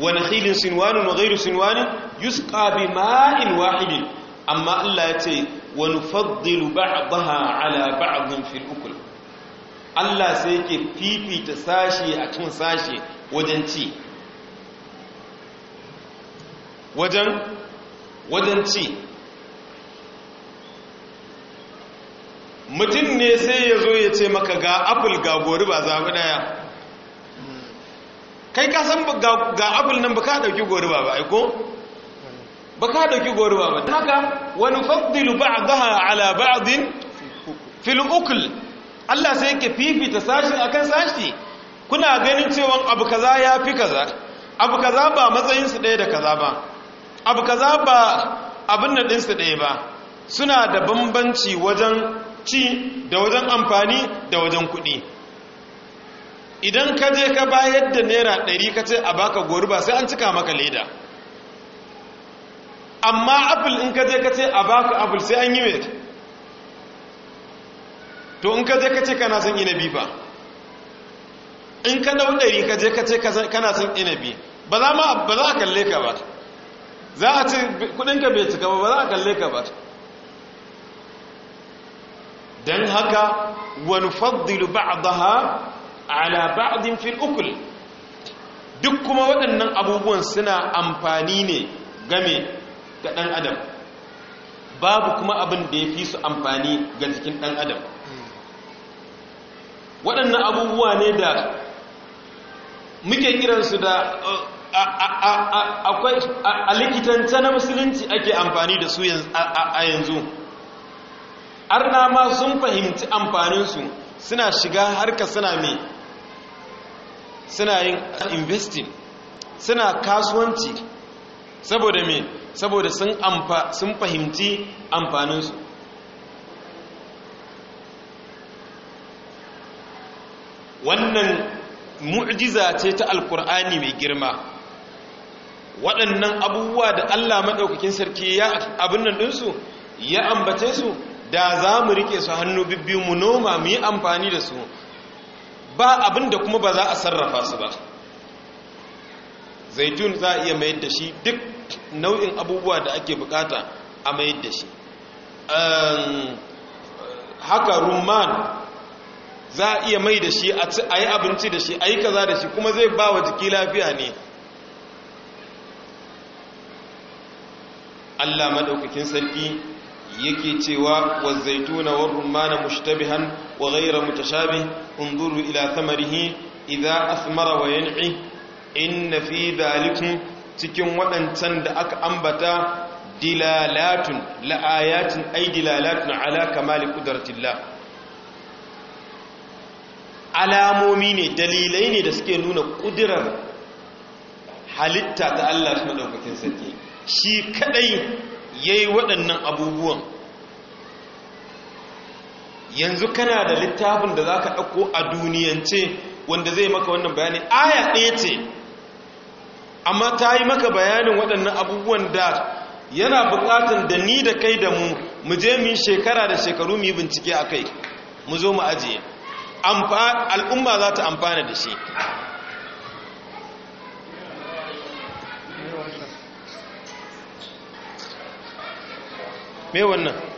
wa nakhilin sinwanun wa gairu sinwanin yusqa bi ma'in wahidin amma Allah ya ce wa nufaddilu ba'daha ala ba'dhin fil ukul Allah sai yake fifita sashi akan sashi wajen ci wajen wajen ci mutum ne sai ya zo ya ce maka ga apple ga gori ba zaɓi daya. kai ka san ga abul nan ba ka dauki goruba ba aiko ba ka dauki goruba ba haka wani nufaddilu ba'daha ala ba'din fil ukl Allah sai yake fifita sashi akan sashi kuna ganin cewa abu kaza ya fi kaza abu kaza ba matsayin su daya da kaza ba abu kaza ba abin da su daya ba suna da bambanci wajen ci da wajen amfani da wajen kuɗi idan ka je ka bayar da naira ɗari ka ce a baka gori ba sai an cika maka leda amma apple in ka je ka ce a baka apple sai an yi mai to in ka je ka ce kana son inabi ba in ka nau ɗari ka je ka ce kana son inabi ba za a kalle ka ba za a ce kudinka bai cika ba ba za a kalle ka ba don haka wani faddilu ba'adaha ala ba'din fil ukul duk kuma waɗannan abubuwan suna amfani ne game ga ɗan adam babu kuma abin da ya fi su amfani ga jikin ɗan adam waɗannan abubuwa ne da muke kiransu da a likitanta na musulunci ake amfani da su a yanzu arna ma sun fahimci amfaninsu suna shiga harka suna mai suna yin investing suna kasuwanci saboda me saboda sun amfa sun fahimci amfaninsu wannan mu'jiza ce ta alkur'ani mai girma waɗannan abubuwa da Allah maɗaukakin sarki ya abin nan ɗinsu ya ambace su da za mu rike su hannu bibbiyu mu noma mu yi amfani da su ba abin da kuma ba za a sarrafa su ba zaitun za a iya mayar da shi duk nau'in abubuwa da ake bukata a mayar da shi ehm, haka rumman za a iya mai da shi a yi abinci da shi a yi kaza da shi kuma zai ba wa jiki lafiya ne allah maɗaukakin sarki yake cewa wazaituna war rumana mushtabihan wa ghayra mutashabih unzuru ila thamarihi idza asmara wa yan'i inna fi dhalikum cikin wadancan da aka ambata dilalatun la'ayatin ay dilalatun ala kamali qudratillah alamomi ne dalilai ne da suke nuna kudirar halitta ta Allah su madaukakin sarki shi kadai ya yi waɗannan abubuwan yanzu kana da littafin da za ka ɗauko a duniyance wanda zai maka wannan bayani aya ɗaya ce amma ta yi maka bayanin waɗannan abubuwan da yana buƙatar da ni da kai da mu mu je mu shekara da shekaru mu yi bincike a kai mu zo mu ajiye al'umma za ta amfana da shi me wannan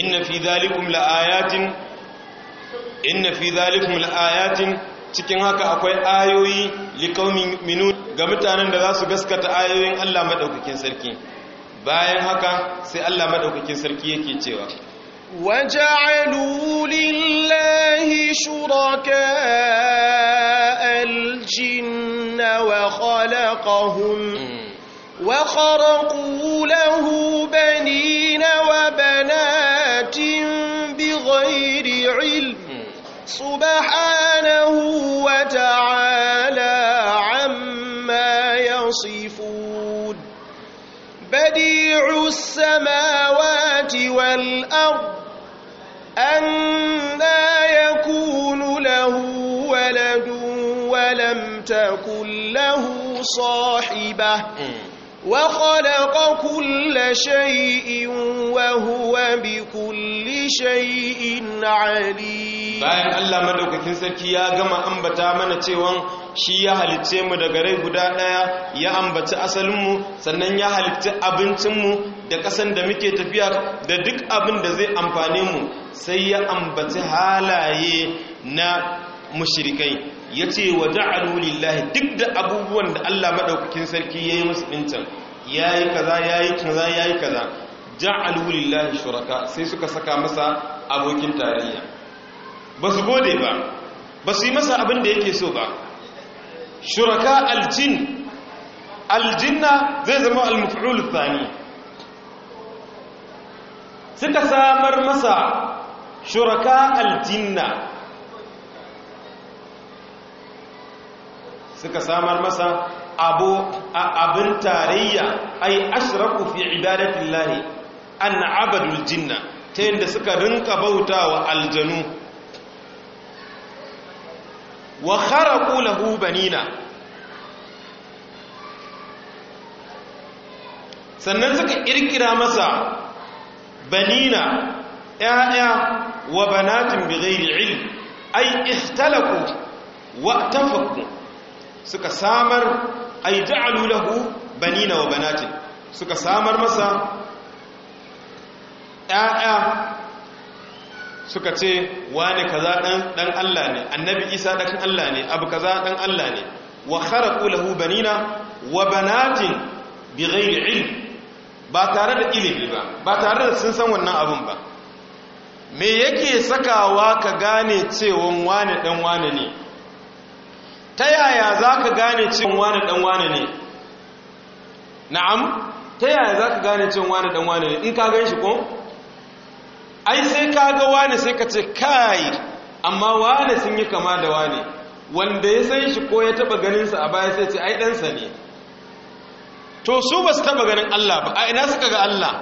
inna fi zalikum laayatin inna fi zalikum laayatin cikin haka akwai ayoyi liqaumin minun ga mutanen da za su gaskata ayoyin Allah madaukakin sarki bayan haka sai Allah madaukakin sarki yake cewa وجعلوا لله شركاء الجن وخلقهم وخرقوا له بني السماوات والأرض أنا يكون له ولد ولم تكن له صاحبة وخلق كل شيء وهو بكل شيء عليم bayan Allah madaukakin sarki ya gama ambata mana cewa shi ya halitce mu daga rai guda ɗaya ya ambaci asalinmu sannan ya halitce abincinmu da ƙasan da muke tafiya da duk abin da zai amfane mu sai ya ambaci halaye na mushirikai, ya ce wa ja'alu lillahi duk da abubuwan da Allah maɗaukakin sarki ya yi musu ɗincan ya yi kaza ya yi kaza ya yi kaza ja'alu lillahi shuraka sai suka saka masa abokin tarayya ba su gode ba ba su yi masa abin da yake so ba shuraka aljin zai zama almuf'ul thani suka samar masa shuraka suka samar masa abin tarayya ai ashraku fi ibadatillahi an abadul jinna ta yadda suka rinka bautawa aljanu wa kharaqu lahu banina sannan suka kirkira masa banina ya'ya wa banatin bi bighairi ilm ay ikhtalaku wa tafaqqu suka samar ay ja'alu lahu banina wa banatin suka samar masa ya'ya suka ce wani kaza dan Allah ne annabi Isa dan Allah ne abu kaza dan Allah ne wa kharaqu lahu banina wa banatin bighayri ilm ba tare da ilimi ba ba tare da sun san wannan abun ba me yake sakawa ka gane cewa wani dan wani ne ta yaya za ka gane cewa wani dan wani ne na'am ta yaya za ka gane cewa wani dan wani ne in ka gan shi ko ai sai ka ga wane sai ka ce kai amma wane sun yi kama da wane wanda ya san shi ko ya taba ganinsa a baya sai ce ai ɗansa ne to su ba su taba ganin Allah ba a ina suka ga Allah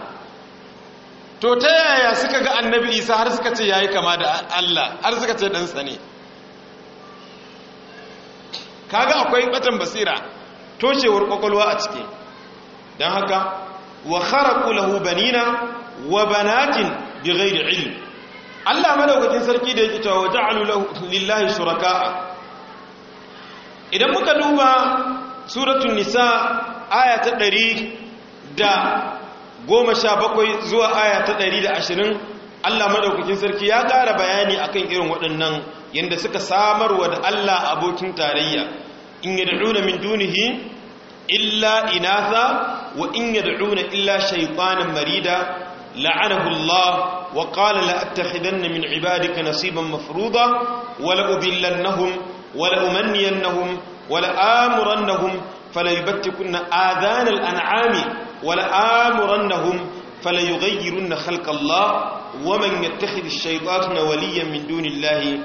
to ta yaya suka ga annabi isa har suka ce ya yi kama da Allah har suka ce ɗansa ne kaga akwai batan basira toshewar kwakwalwa a ciki don haka wa kharaku lahu banina wa banatin bi ghairi ilm Allah madaukakin sarki da yake cewa ja'alu lillahi shuraka idan muka duba suratul nisa aya ta da goma sha bakwai zuwa aya ta 120 Allah madaukakin sarki ya ƙara bayani akan irin waɗannan yanda suka samarwa da Allah abokin tarayya in yad'una min dunihi illa inatha wa in yad'una illa shaytanan marida لعنه الله وقال لأتخذن من عبادك نصيبا مفروضا ولأذلنهم ولأمنينهم ولآمرنهم فليبتكن آذان الأنعام ولآمرنهم فليغيرن خلق الله ومن يتخذ الشيطان وليا من دون الله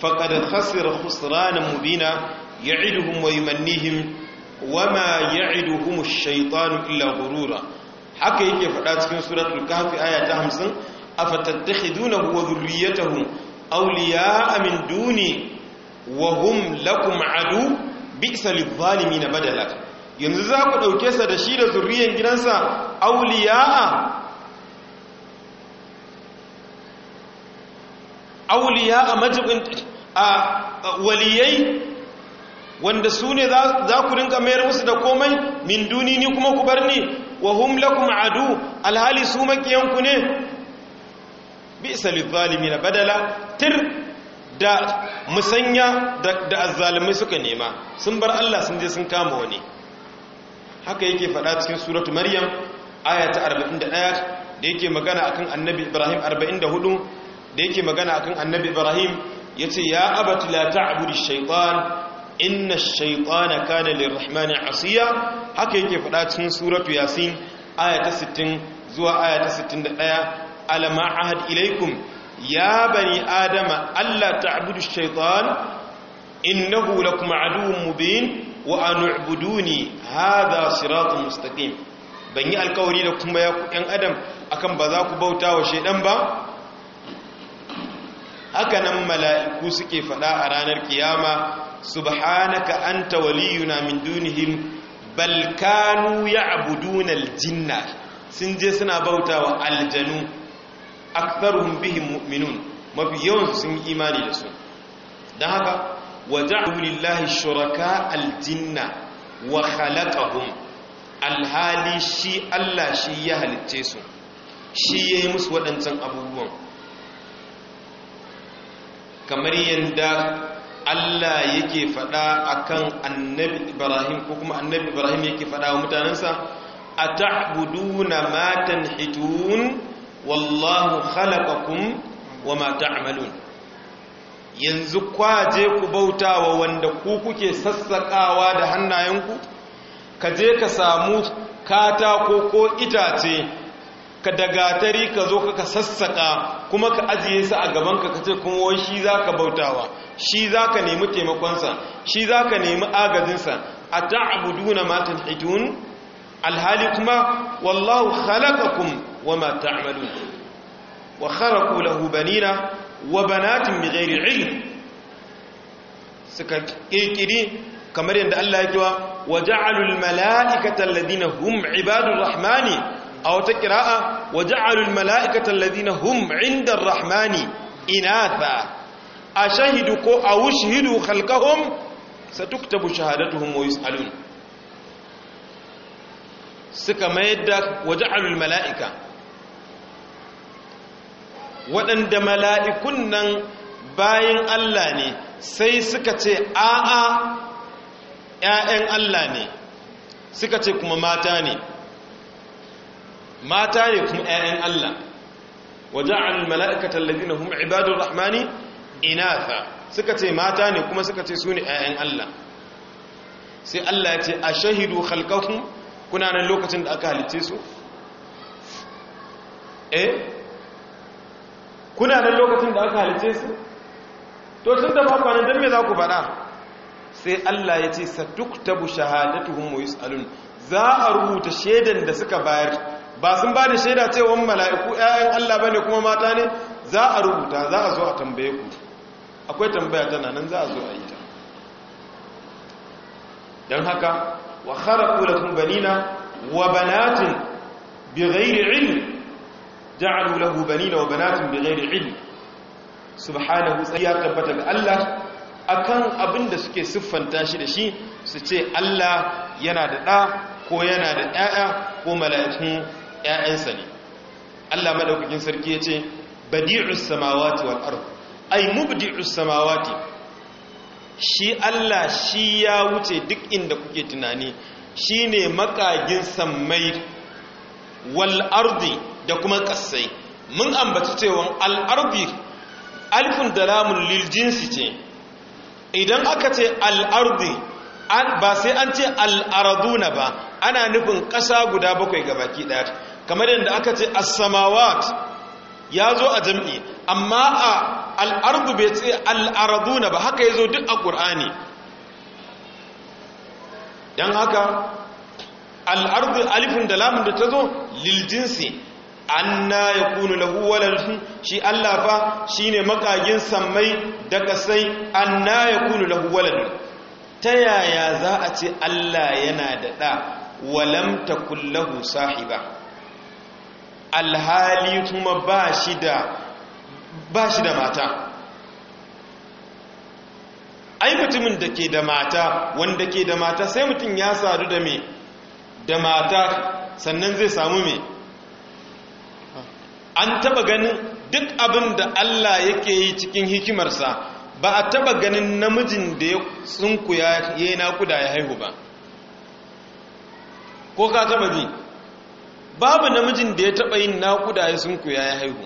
فقد خسر خسرانا مبينا يعدهم ويمنيهم وما يعدهم الشيطان إلا غرورا haka yake faɗa cikin suratul kafi aya ta 50 afatattakhidunahu wa dhurriyyatahu awliya'a min duni wa hum lakum adu bi'sa lidh-dhalimin badala yanzu za ku dauke sa da shi da zurriyan gidansa awliya'a awliya'a majibin a waliyai wanda su ne za ku rinka mayar musu da komai min duni ni kuma ku bar ni wa hum lakum adu alhali su makiyanku ne bisa na badala tir da musanya da azzalimai suka nema sun bar Allah sun je sun kama wani haka yake faɗa cikin suratu maryam ayata 41 da yake magana akan annabi ibrahim 44 da yake magana akan annabi ibrahim yace ya abati la ta'budu shaytan inna shaytana kana lirrahmani asiya haka yake faɗa cikin suratu yasin ayata 60 zuwa aya da 61 alama ahad ilaikum ya bani adama allah ta'budu shaytan innahu lakum aduwwun mubin wa an'buduni hadha siratun mustaqim ban yi alkawari da kuma ya ku adam akan ba za ku bauta wa shaidan ba haka nan mala'iku suke faɗa a ranar kiyama subhanaka anta waliyuna min dunihim bal kanu ya'buduna aljinna sun je suna bautawa aljanu aktharuhum bihim mu'minun mafi yawan sun imani da su dan haka waja'u lillahi shuraka aljinna wa khalaqahum alhali shi Allah shi ya halicce su shi yayi musu waɗancan abubuwan kamar yanda Allah yake faɗa akan annabi Ibrahim ko kuma annabi Ibrahim yake faɗa wa mutanensa ta'buduna matan tanhitun wallahu khalaqakum wama ta'malun yanzu kwaje ku bautawa wanda ku kuke sassakawa da hannayenku ka je ka samu katako ko itace ka dagatari ka zo ka sassaka kuma ka ajiye su a gabanka ka ce kuma wai shi zaka bautawa shi za ka nemi taimakonsa shi za ka nemi agazinsa a ta'abuduna matan tanhitun alhali kuma wallahu wa wama ta'malun wa kharaqu lahu banina wa banatin bighairi ilm suka kirkiri kamar yadda Allah ya kiwa wa ja'alul mala'ikata alladhina hum ibadur rahmani aw ta qira'a wa ja'alul mala'ikata alladhina hum 'inda ar-rahmani inatha a shahidu ko a wushidu khalqahum bu shahadatuhum wa yusalun suka mayar da waja'alul mala'ika waɗanda mala'ikun nan bayan Allah ne sai suka ce a'a ‘ya'yan Allah ne suka ce kuma mata ne mata ne kuma ‘ya'yan Allah waje almala'ikatar lalina hum ibadun rahmani inatha suka ce mata ne kuma suka ce su ne 'ya'yan Allah sai Allah ya ce a shahidu khalqahum kuna nan lokacin da aka halice su eh kuna nan lokacin da aka halice su to tun da ba nan dan me za ku faɗa sai Allah ya ce satuktabu shahadatuhum wa yusalun za a rubuta shaidan da suka bayar ba sun ba da shaida cewa mala'iku ‘ya'yan Allah ba ne kuma mata ne za a rubuta za a zo a tambaye ku akwai tambaya tana nan za a zo a yi ta don haka wa kharaku lakum banina wa banatin bi ghairi ilmi ja'alu lahu banina wa banatin bi ghairi ilmi subhanahu ya tabbata ga Allah akan abin da suke siffanta shi da shi su ce Allah yana da ɗa ko yana da ƴaƴa ko mala'ikun ƴaƴansa ne Allah madaukakin sarki ya ce, badi'us samawati wal ardh ay mubdi'us samawati shi Allah shi ya wuce duk inda kuke tunani shine makagin sammai wal ardi da kuma kasai mun ambaci cewa al ardi alfun da lil jinsi ce idan aka ce al ardi ba sai an ce al arduna ba ana nufin kasa guda bakwai gabaki daya kamar yadda aka ce as samawat ya zo a jam'i amma a al’arbu bai ce na ba haka ya zo duk a ƙur'ani don haka al’arbu alifin da lamun da ta zo liljinsi na ya kunu lahu shi Allah fa shine makagin sammai da kasai na ya kunu ta yaya za a ce Allah yana da ɗa walam kullahu sahiba alhali kuma ba shi da mata ai mutumin da ke da mata wanda ke da mata sai mutum ya sadu da me da mata sannan zai samu me an taba ganin duk abin da Allah yake yi cikin hikimarsa ba a taba ganin namijin da ya tsunku ya yi nakuda ya haihu ba ko ka taba ji babu namijin da ya taɓa yin naƙuda ya sun kuya ya haihu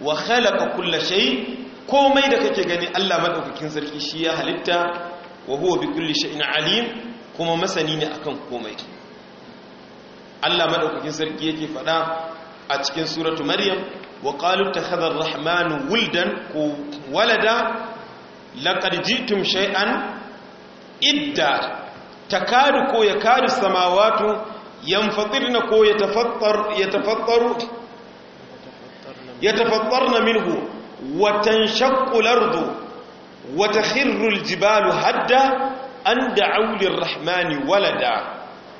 wa khalaqa kulla shay komai da kake gani Allah madaukakin sarki shi ya halitta wa huwa bi kulli shay'in alim kuma masani ne akan komai Allah madaukakin sarki yake fada a cikin suratu maryam wa qalu takhadha rahmanu wuldan ko walada laqad ji'tum shay'an idda takadu ko yakadu samawatu ينفطرن كو يتفطر يتفطر يتفطرن منه وتنشق الأرض وتخر الجبال هدا أن دعوا للرحمن ولدا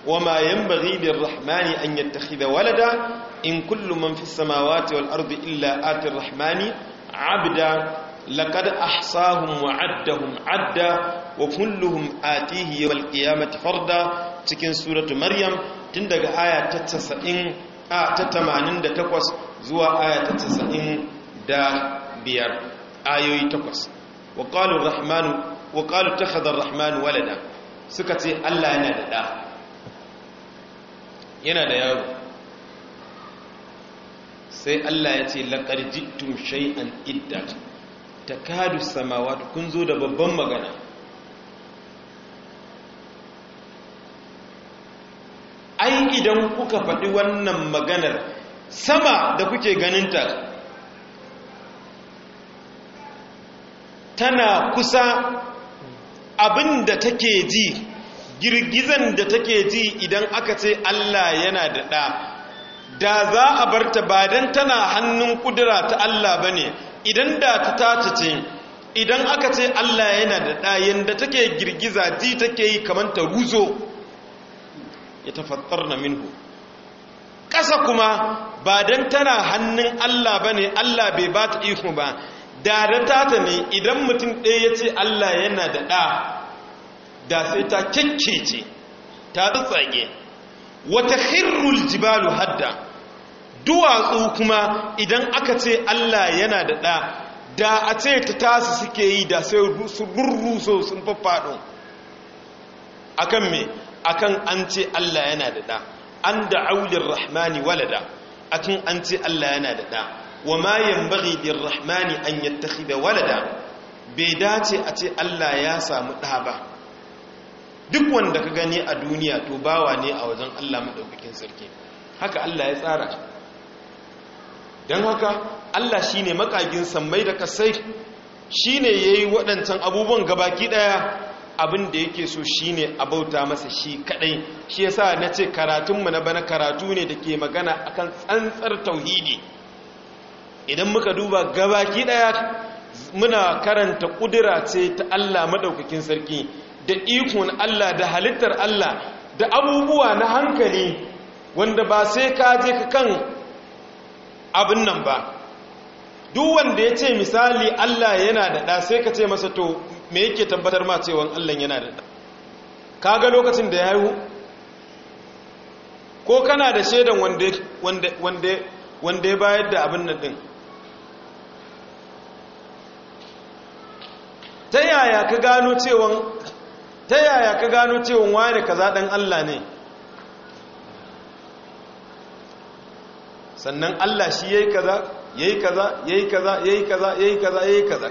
وما ينبغي للرحمن أن يتخذ ولدا إن كل من في السماوات والأرض إلا آتي الرحمن عبدا لقد أحصاهم وعدهم عدا وكلهم آتيه يوم القيامة فردا تكن سورة مريم tun daga aya ta 90 a ta 88 zuwa aya ta 90 da biyar ayoyi takwas waƙalu ta haɗar rahmanu walada suka ce Allah yana da da yana da yaro sai Allah ya ce laqad jittum shay'an iddat kadu samawa kun zo da babban magana ai idan kuka faɗi wannan maganar sama da kuke ganinta tana kusa abin da take ji girgizan da take ji idan aka ce Allah yana da ɗa da za a barta ba don tana hannun kudura ta Allah ba ne idan da ta tace ce idan aka ce Allah yana da ɗa yadda take girgiza ji take yi kamar ta ruzo ya tafattar na minhu ƙasa kuma ba don tana hannun Allah ba ne Allah bai ba ta ba da da tata ne idan mutum ɗaya ya ce Allah yana da ɗa da sai ta kyankyece ta tsage wata hirrul jibalu hadda duwatsu kuma idan aka ce Allah yana da ɗa da a ce ta tasu suke yi da sai su rurruso sun faffaɗo a kan me akan an ce Allah yana da da an da'u rahmani walada akan an ce Allah yana da da wa ma yanbaghi rahmani an da walada bai dace a ce Allah ya samu da ba duk wanda ka gani a duniya to bawa ne a wajen Allah maɗaukakin sarki haka Allah ya tsara don haka Allah shine makagin sammai da kasai shi ya yi waɗancan abubuwan gabaki ɗaya. abin da yake so shine a bauta masa shi kadai shi yasa na ce karatunmu na bana karatu ne da ke magana akan tsantsar tauhidi idan muka duba gabaki daya muna karanta kudura ce ta Allah madaukakin sarki da ikon Allah da halittar Allah da abubuwa na hankali wanda ba sai ka je ka kan abin nan ba duk wanda ya ce misali Allah yana da ɗa sai ka ce masa to me yake tabbatar ma cewa Allah yana da Ka ga lokacin da ya haihu ko kana da shaidan wanda ya bayar da abin nan din ta yaya ka gano cewa ta yaya ka gano cewa wani kaza dan Allah ne sannan Allah shi yayi kaza yayi kaza yayi kaza yayi kaza yayi kaza yayi kaza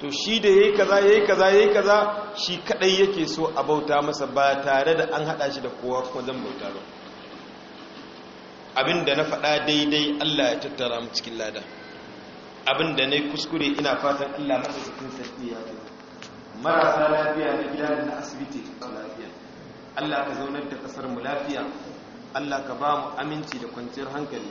to shi da ya yi kaza ya yi kaza ya yi kaza shi kadai yake so a bauta masa ba tare da an hada shi da kowa kuma zan bauta ba abinda na faɗa daidai Allah ya tattara mu cikin lada abinda na yi kuskure ina fatan Allah masa cikin sarki ya zo marasa lafiya na gida da na asibiti lafiya Allah ka zaunar da kasar mu lafiya Allah ka ba mu aminci da kwanciyar hankali